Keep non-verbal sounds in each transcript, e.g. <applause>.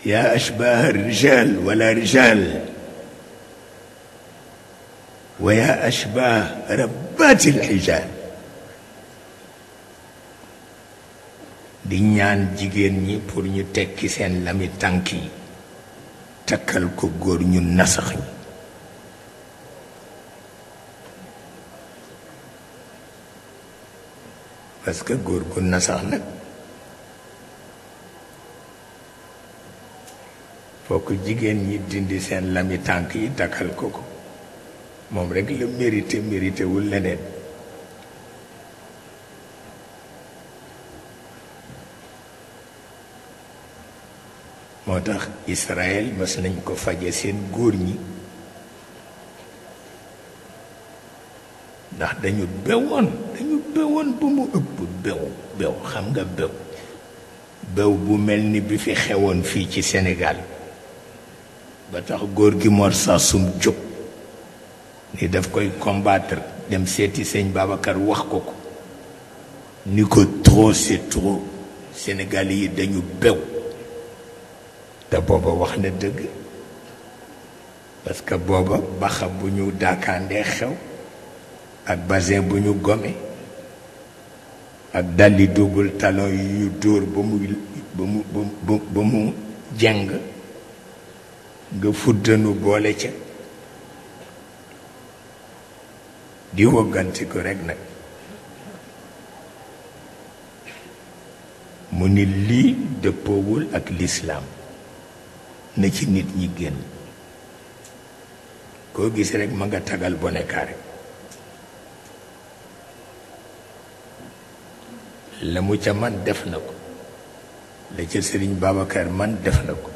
يا أشباه الرجال ولا رجال ويا أشباه ربات الحجال di ñaan jigéen ñi pour ñu tekki seen lami tànk yi takkal ko góor ñu nasax ñi que góor gu nasax nag kooku jigéen ñi dindi seen lami tànk yi dakkal ko ko moom rek la mérité mérité wul leneen moo tax Israël mas nañ ko faje seen góor ñi ndax dañu bewoon dañu bewoon bu mu ëpp bew bew xam nga bew bew bu mel ni bi fi xewoon fii ci Sénégal ba tax góor gi Mor Sassoum jóg ni daf koy combattre dem seeti sëñ Babacar wax ko ko ni ko trop c'est trop Sénégal yi dañu bew te booba wax na dëgg parce que booba baxa bu ñu daakaandee xew ak basin bu ñu gome ak dalli double talon yu dóor ba mu ba mu ba mu jeng nga fuddanu boole ca di wogganti ko rekk nag mu ni lii dëppoowul ak lislaam na ci nit ñi génn koo gis rekk ma nga tagal bonekaare la mu ca man def na ko la ca sëriñ Babacar man def na ko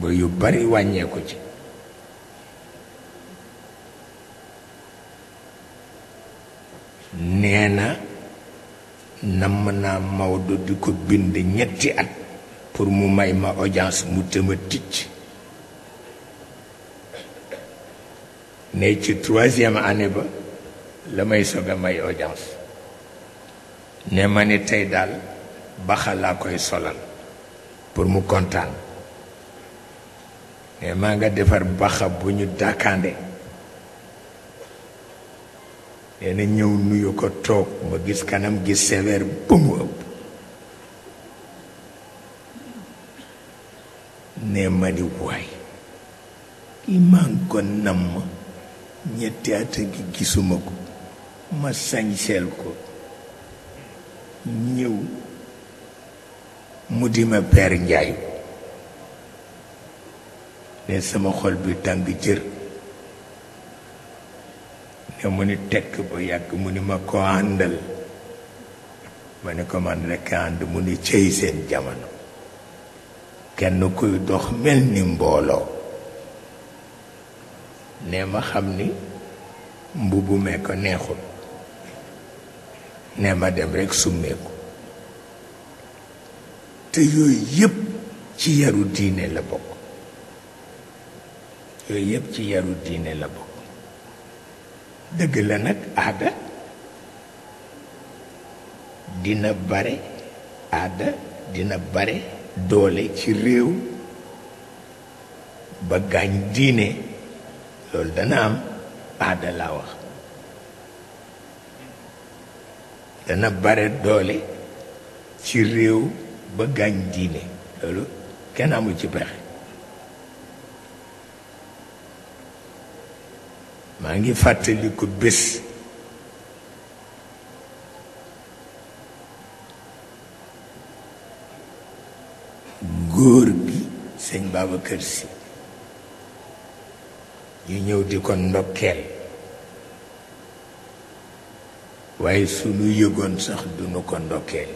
ba yu bari wàññeeku ci nee na namm naa Maodo di ko bind ñetti at pour mu may ma audience mu tëma ticc ne ci troisième année ba la may soog a may audience ne ma ni tey daal baxa laa koy solal pour mu kontaan Eh, maa nga defar baxa bu ñu dàkkaande nee eh, na ñëw nuyu ko toog ma gis kanam gi sévère ba mu ëpp ne ma di waay kii maa ngi ko nam ma ñetti at gi gisuma ko ma sañseel ko ñëw mu di ma peer njaayu ne sama xol bi tàng jër ne mu ni tekk ba yàgg mu ni ma ko àndal ma ne ko man rekk ànd mu ni cëy seen jamono kenn kuy dox mel ni mbooloo ne ma xam ni mbubu mee ko neexul ne ma dem rekk summeeku te yooyu yépp ci yaru diine la bokk yooyu yëpp ci yaru diine la bokk dëgg la nag aada dina bare aada dina bare doole ci réew ba gaañ diine loolu dana am aada laa wax dana bare doole ci réew ba gaañ diine loolu kenn amul ci pexe maa ngi fàttaliku bés góor gi sëñ Babacar Si ñu ñëw di ko ndokkeel waaye su sunu yëgoon sax duñu ko ndokkeel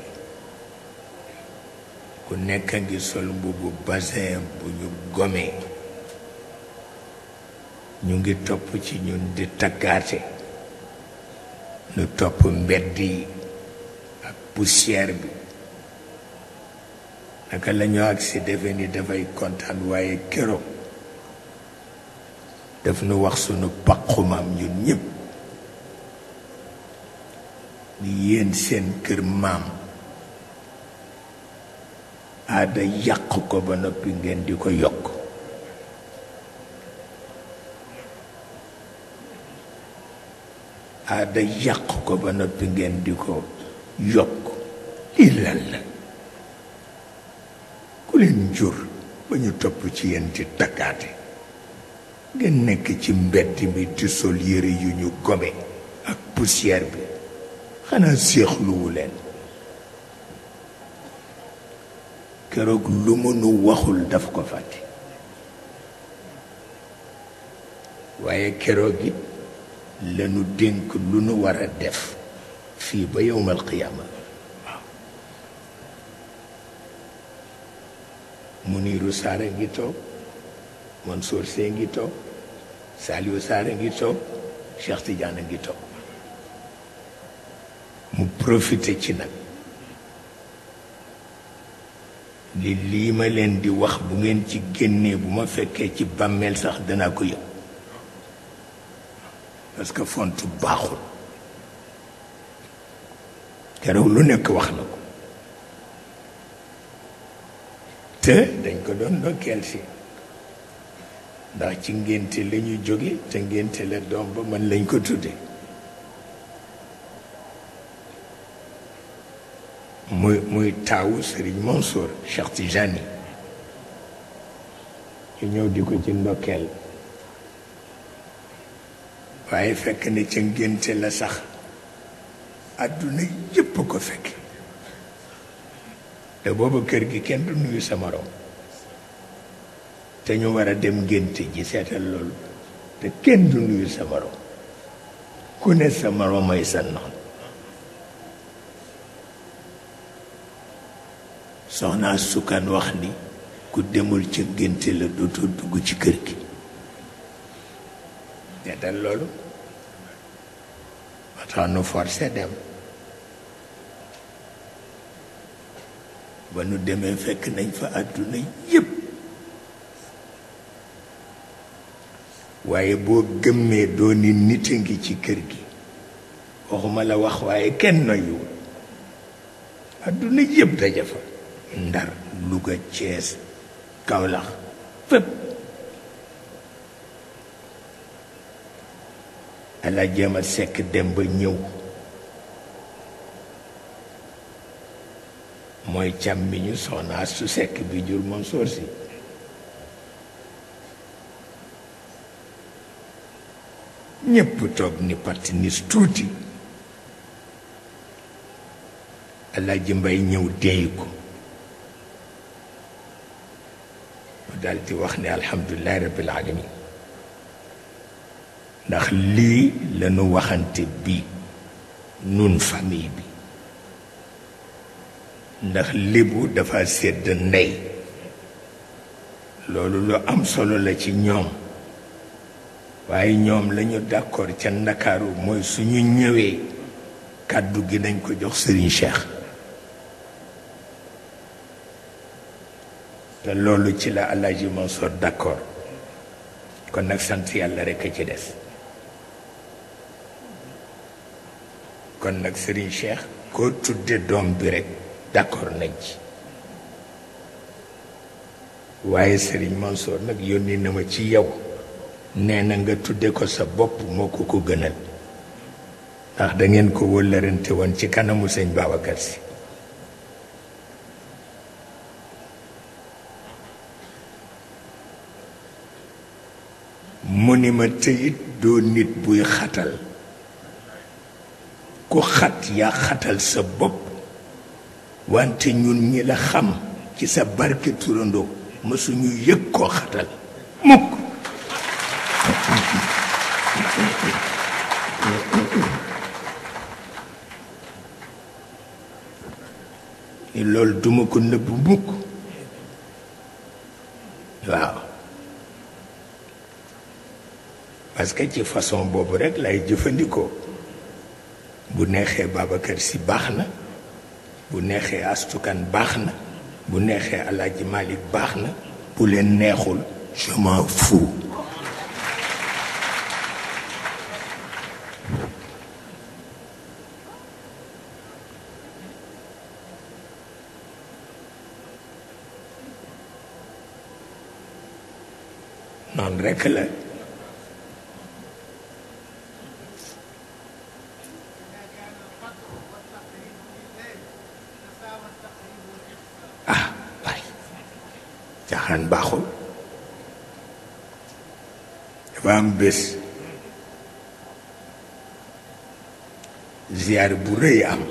ku nekk a ngi sol mbubu basin bu ñu gomee ñu ngi topp ci ñun di taggaate ñu topp mbedd yi ak poussière bi naka la ñu agsi defe ni dafay kontaan waaye keroog daf nu wax sunu pàqumaam ñun ñëpp ni yéen seen kër maam aada yàq ko ba noppi ngeen di ko yokk aada yàq ko ba noppi ngeen di ko yokk lii lan ku leen jur ba ñu topp ci yéen di takkaate ngeen nekk ci mbedd mi di sol yére yu ñu gome ak poussière bi xanaa séexluwu leen keroog lu mënu waxul daf ko fàtte waaye keroog it lanu dénk lu nu war a def fii ba yowmal qiyaama waaw Muniru Saara ngi toog Mansour Sey ngi toog Saliou Saara ngi toog Cheikh Tidiane ngi toog mu profité ci nag li lii ma leen di wax bu ngeen ci génnee bu ma fekkee ci bàmmeel sax danaa ko yëg parce que font baaxul keroog lu nekk wax na ko te dañ ko doon ndokkeel si ndax ci ngénte la ñu jóge te ngénte la doom ba mën lañ ko tudde muy muy taawu Serigne Mansour Cheikh Tijani ñu ñëw di ko ci ndokkeel waaye fekk ne ca ngénte la sax àdduna yépp ko fekk te boobu kër gi kenn du nuyu sa morom te ñu war a dem ngénte ji seetal loolu te kenn du nuyu sa morom ku ne sa morom mooy sa noon soxnaa sukkan wax ni ku demul ca ngénte la dootoo dugg ci kër gi seetal loolu tax nu forcé dem ba nu demee fekk nañ fa àdduna yépp waaye boo gëmmee doon ni nit a ngi ci kër gi waxuma la wax waaye kenn noyuwul àdduna yépp daje fa ndar Louga Thiès Kaolack fépp ala jéemal sekk dem ba ñëw mooy càmmiñu soxna su sekk bi jur moom si ñépp toog ni parti nis tuuti alaaji mbay ñëw déy ko mu daldi wax ni alhamdulillahi rabbil alamin ndax lii lanu waxante bi nun famille bi ndax lébu dafa sedd ndey loolu lu am solo la ci ñoom waaye ñoom lañu d'accord ca ndakaaru mooy suñu ñëwee kàddu gi nañ ko jox Serigne Cheikh te loolu ci la Alaaji Mansour d'accord kon nag sant yàlla rekk a ci des kon nag sëriñ Cheikh koo tudde doom bi rek d'accord nag ci waaye sëriñ Mansour nag yónni na ma ci yow nee na nga tudde ko sa bopp moo ko ko gënal ndax da ngeen ko wëllërante woon ci kanamu sëñ Babacar si mu ni ma tëyit doo nit buy xatal ko xat yaa xatal sa bopp wante ñun ñi la xam ci sa barke turandoo mësuñu yëg koo xatal mukk ni loolu duma ko nëbb mukk waaw parce ci façon boobu rekk lay jëfandikoo bu neexee Babacar si baax na bu neexee astukan baax na bu neexee Alaaji Malik baax na bu leen neexul je m'en fous non rekk la am bés ziar bu rëy am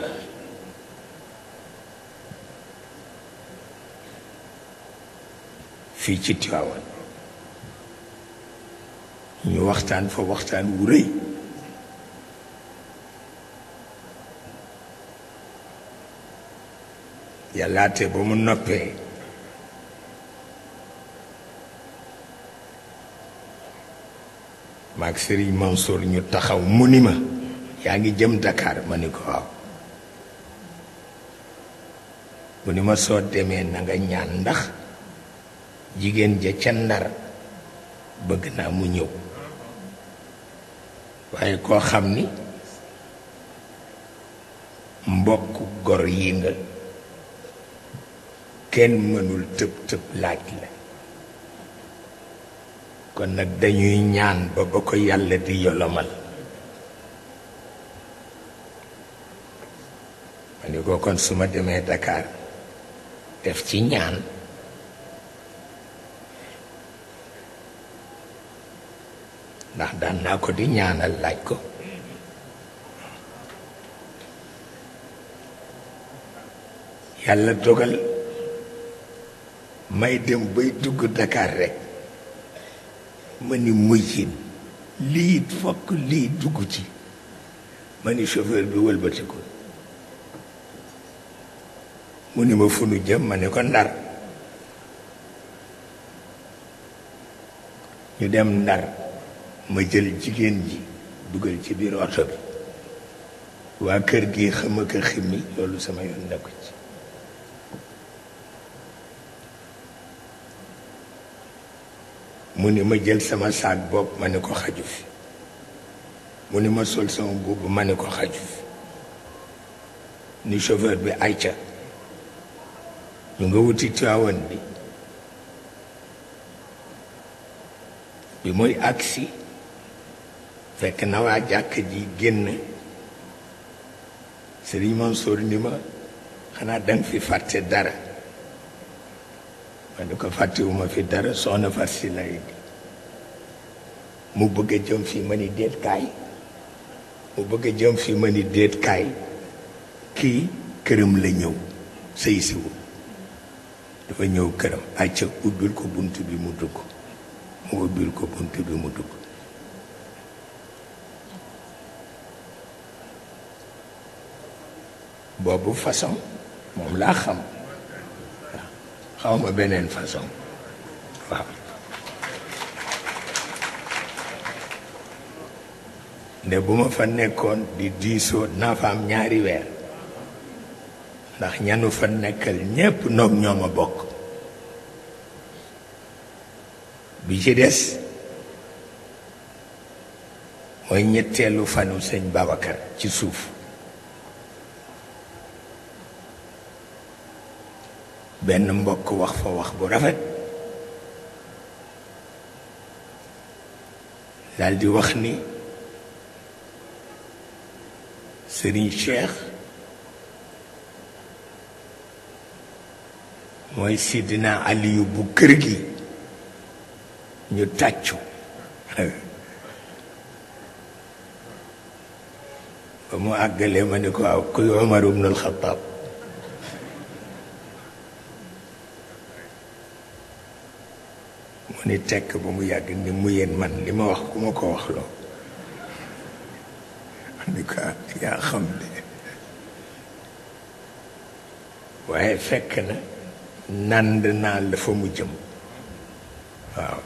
fii ci Tiwaawan ñu waxtaan fa waxtaan wu rëy yàllaate ba mu noppee maag Serigne Mansour ñu taxaw mu ni ma yaa ngi jëm dakaar ma ni ko waaw mu ni ma soo demee nanga ñaan ndax jigéen ja ca ndar bëgg naa mu ñëw waaye koo xam ni mbokk gor yi kenn mënul tëb tëb laaj la kon nag dañuy ñaan ba ba ko yàlla di yolomal ma ni ko kon su ma demee dakaar def ci ñaan ndax daan naa ko di ñaanal laaj ko yàlla dogal may dem bay dugg dakaar rekk ma ni mujjin lii fokk lii dugg ci ma ni chauffeur bi wëlbati ko mu ni ma fu jëm ma ni ko ndar ñu dem ndar ma jël jigéen ji dugal ci biir oto bi waa kër gi xama ko ximmi loolu sama yoon nekku ci mu ni ma jël sama saak bopp ma ni ko xaju fi mu ni ma sol sama mbubb ma ni ko xaju fi ni chauffeur bi ayca ñu nga wuti Tiwaawan bi bi muy agsi fekk na waa jàkk ji génn Sëriñ sol ni ma xanaa danga fi fàtte dara ma ne ko fàttewuma fi dara soxna far si la mu bëgg jëm fii ma ni déet kaay mu bëgg jëm fii ma ni déet kaay kii këram la ñëw sëy siwu dafa ñëw këram acca ubbil ko bunt bi mu dugg mu ubbil ko bunt bi mu dugg boobu façon moom laa xam xaw ma beneen façon waaw ne bu fa nekkoon di diisoo na fa am ñaari weer ndax ñanu fa nekkal ñépp noog ñoo ma bokk bi ci des mooy ñetteelu fanu sëñ Babacar ci suuf ben mbokk wax fa wax bu rafet dal di wax ni sëriñ Cheikh moy Sidina Aliyu bu kër gi ñu tàccu ba mu àggalee ma ni ko aw kuy Umar ibn al-Khattab mu ni tekk ba mu yàgg ni mu yéen man li ma wax ku ma ko wax loo yaa xam de waaye fekk na nànd naa la fa mu jëm waaw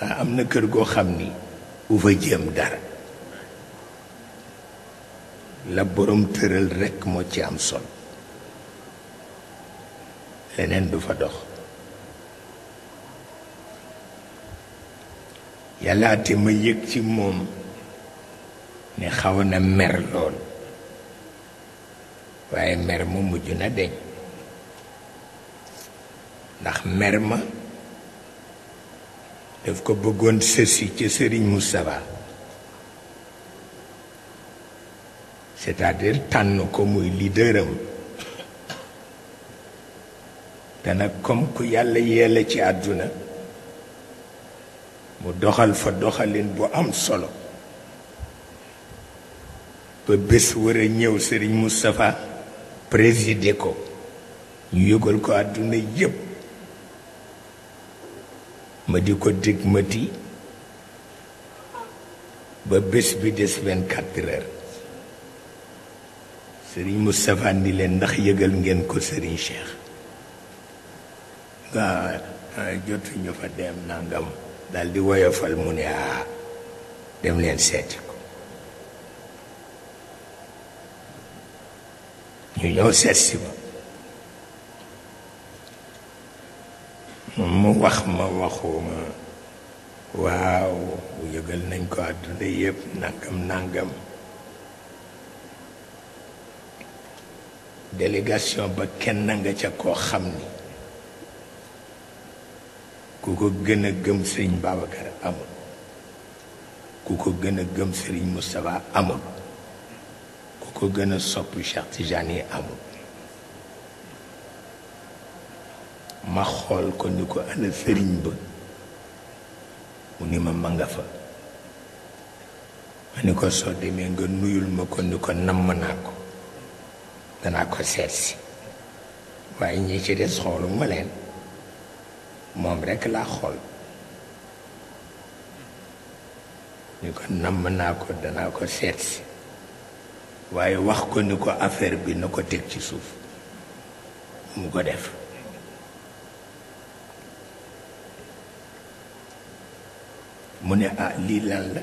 ndax am na kër goo xam ni bu fa jëm dara la borom tëral rekk moo ci am sol leneen du fa dox yàllaate ma yëg ci moom ne xaw na mer lool waaye mer ma mujj na deñ ndax mer ma daf ko bëggoon sësi ca sëriñ Moustapha c'est-à-dire tànn ko muy leaderam te nag comme ku yàlla yeela ci àdduna mu doxal fa doxalin bu am solo ba bés war a ñëw Serigne Moustapha présider ko ñu yëgal ko àdduna yépp ma di ko dégg ba bés bi des vingt-quatre heures Serigne Moustapha ni leen ndax yëgal ngeen ko sëriñ Cheikh nga jotuñu fa dem nangam daldi di woyofal mu ne ah dem leen seeti ko ñu ñëw seet si ma mu wax ma waxuma waaw yëgal nañ ko àdduna yëpp nangam nangam délégation ba kenn nga ca koo xam ni ku ko gën gëm sëriñ Babacar amul ku ko gën a gëm sëriñ Moustapha amul ku ko gën a sopp Cheikh Tijani amul ma xool ko ni ko ana sëriñ ba mu ni ma ma nga fa ma ni ko soo demee nga nuyul ma ko ni ko namm naa ko danaa ko seet waaye ñi ci des xooluma leen moom rekk laa xool ñu ko namm naa ko danaa ko seet waaye wax ko ni ko affaire bi na ko teg ci suuf mu ko def mu ne ah lii lan la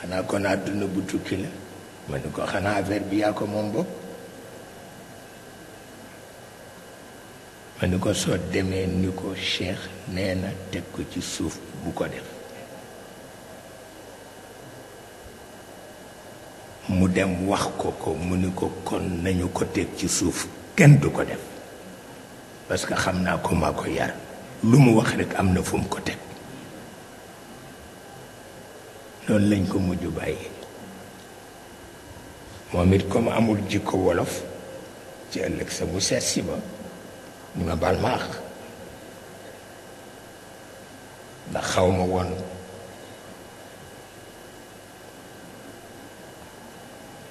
xanaa kon àdduna bu tukki la ma ni ko xanaa affaire bi yaa ko moom bopp ma ni ko soo demee ni ko cheikh nee na teg ko ci suuf bu ko def mu dem wax ko ko mu ni ko kon nañu ko teg ci suuf kenn du ko def parce que xam naa ko maa ko yar lu mu wax rekk am na fu mu ko teg noonu lañ ko mujj bàyyi moom it comme amul jikko wolof ci ëllëg sa mu seet si ba ni ma baal ndax xaw ma woon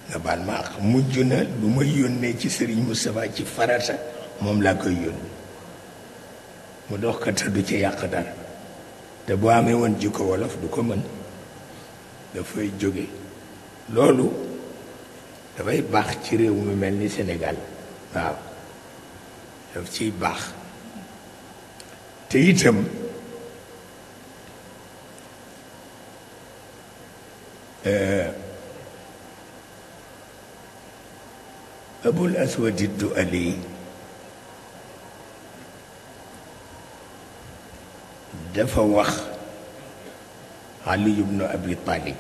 nga baal maax mujj na lu ma yónnee ci Serigne Moustapha ci farata moom laa koy yónnee mu dox ko te ci yàq dara te boo amee woon jikko wolof du ko mën dafay jóge loolu dafay baax ci réew mu mel ni Sénégal waaw آه، ابو الاسود الدؤلي دفا وخ علي بن ابي طالب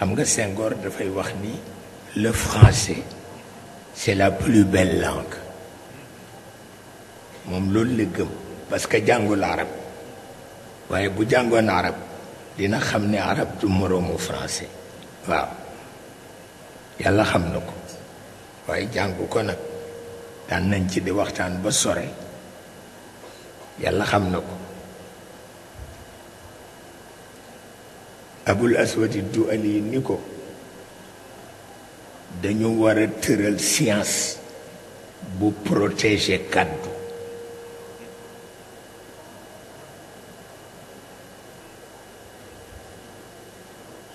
خمغا سينغور دا فاي وخني c'est la plus belle langue moom loolu la gëm que jàngul arab waaye bu jàngoon arab dina xam ni arab du moroomu français waaw yàlla xam na ko waaye jàngu ko nag daan nañ ci di waxtaan ba sore yàlla xam na ko abul aswadi du ali ni ko dañu war a tëral science bu protéger kàddu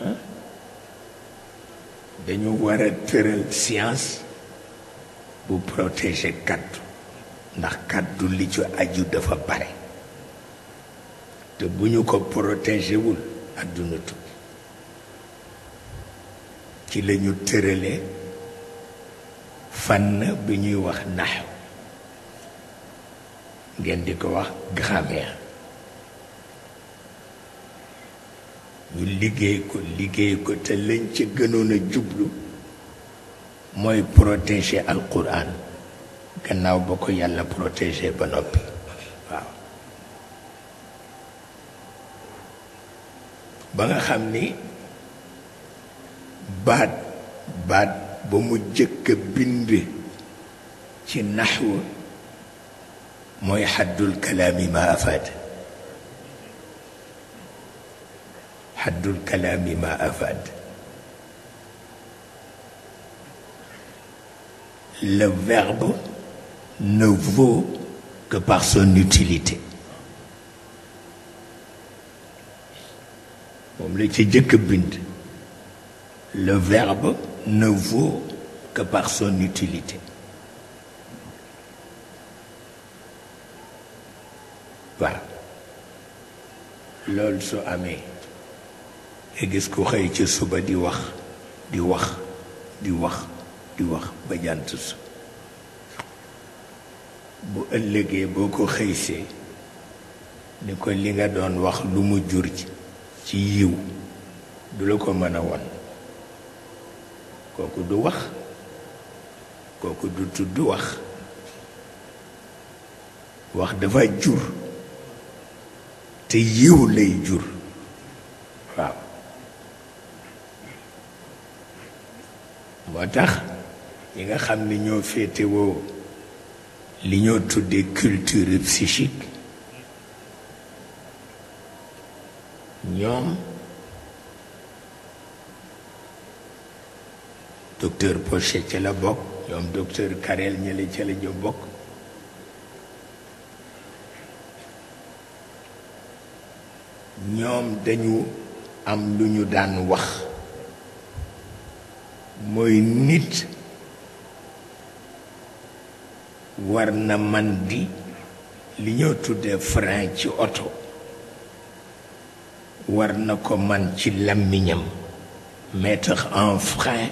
hein? dañu war a tëral science bu protéger kaddu ndax kaddu li ci aju dafa bare te bu ñu ko protéger wul àdduna tukki ci la ñu tëralee fànn bi ñuy wax naxw ngeen di ko wax grammaire ñu liggéey ko liggéey ko te lañ ci gënoon a jublu mooy protéger alquran gannaaw ba ko yàlla protéger ba noppi waaw ba nga xam ni baat baat ba mu jëkk bind ci naxwu mooy xaddul kalaami ma afaad xaddul kalaami ma afaad le verbe ne vaut que par son utilité moom la ci jëkk bind le verbe ne vaut que par son utilité. Voilà. so et suba di wax di wax di wax di wax bu ko ni ko li nga doon wax lu ci yiw du la ko kooku du wax kooku du tudd wax wax dafa jur te yiw lay jur waaw moo tax ñi nga xam ni ñoo féetewoo li ñoo tuddee culture psychique ñoom docteur Pochet ca la bokk ñoom docteur Karel ñele ca la ñu bokk ñoom dañu am lu ñu daan wax moy nit war na man di li ñoo tuddee frein ci oto war na ko man ci làmmiñam mettre en frein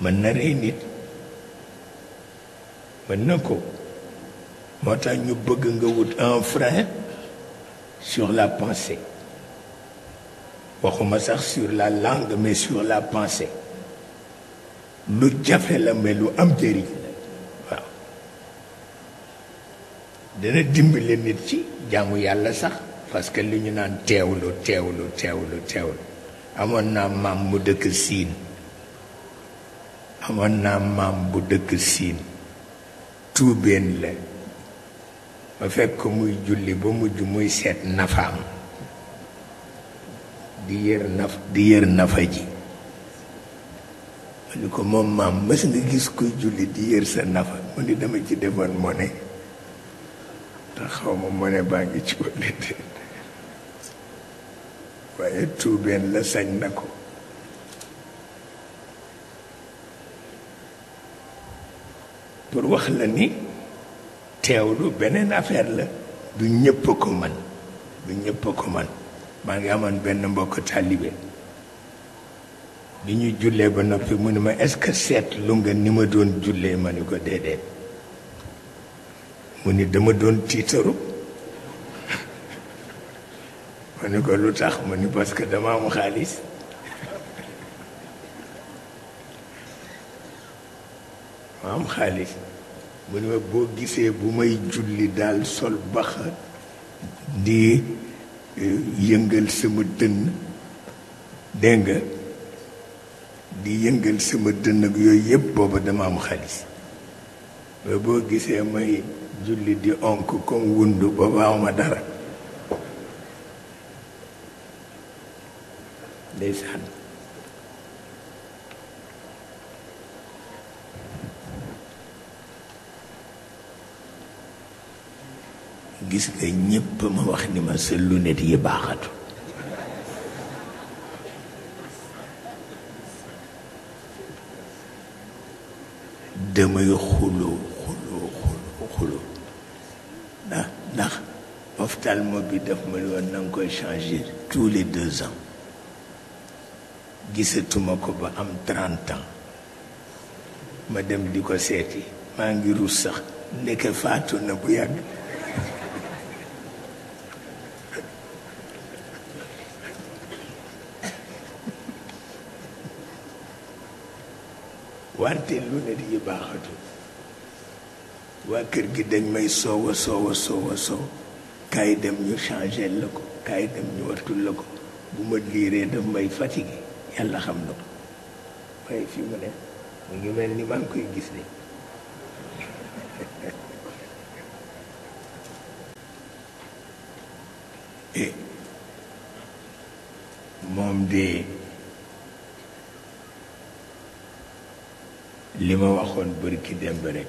mën nit mën na ko moo ñu bëgg nga wut frein sur la pensée waxuma sax sur la langue mais sur la pensée lu jafe la mais lu am njëriñ la waaw dina dimbali nit ci jaamu yàlla sax parce que li ñu naan teewlu teewlu teewlu teewlu amoon naa maam mu dëkk amoon naa maam bu dëkk siin tuubeen la ma fekk muy julli ba mujj muy seet nafaam di yër naf di yër nafa ji ma ni ko moom maam mës nga gis kuy julli di yër sa nafa mu ni dama ci defoon mo ne te xaw ma mo baa ngi ci wàllu waaye tuubeen la sañ na ko pour wax la ni teewlu beneen affaire la du ñëpp ko man du ñëpp ko man maa ngi amaan benn mbokk taalibe bi ñu jullee ba noppi mu ne ma est-ce que seet lu nga ni ma doon jullee ma ni ko déedéet mu ni dama doon tiitaru <laughs> ma ni ko lu tax mu ni parce que dama am xaalis maam xaalis mu ne ma boo gisee bu may julli daal sol bax e, di yëngal sama dënn dégg di yëngal sama dënn yooyu yëpp booba dama am xaalis ba boo gisee may julli di onk comme wundu booba awma dara gis nga ñépp ma wax ni ma sa lunette yi baaxatu damay xuloo xuloo xuloo xuloo ndax ndax ophtalmo bi daf ma woon na nga koy changer tous les deux ans gisatuma ko ba am 30 ans ma dem di ko seeti maa ngi rus sax ndeke faatu na bu yàgg wante lu ne yi baaxatu waa kër gi dañ may soowa soowa soowa soow kaay dem ñu changé la ko kaay dem ñu wattul la ko bu ma liiree daf may fatigué yàlla xam na ko waaye fi mu ne mu ngi mel ni maa ngi koy gis ni <laughs> eh, moom de li ma waxoon bërki démb rek